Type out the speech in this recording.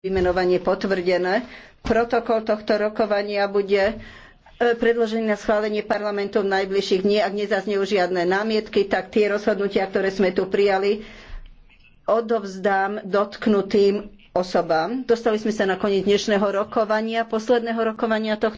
vymenovanie potvrdené. Protokol tohto rokovania bude e, predložený na schválenie parlamentu v najbližších dní. Ak nezaznejú žiadne námietky, tak tie rozhodnutia, ktoré sme tu prijali, odovzdám dotknutým osobám. Dostali sme sa na koniec dnešného rokovania, posledného rokovania tohto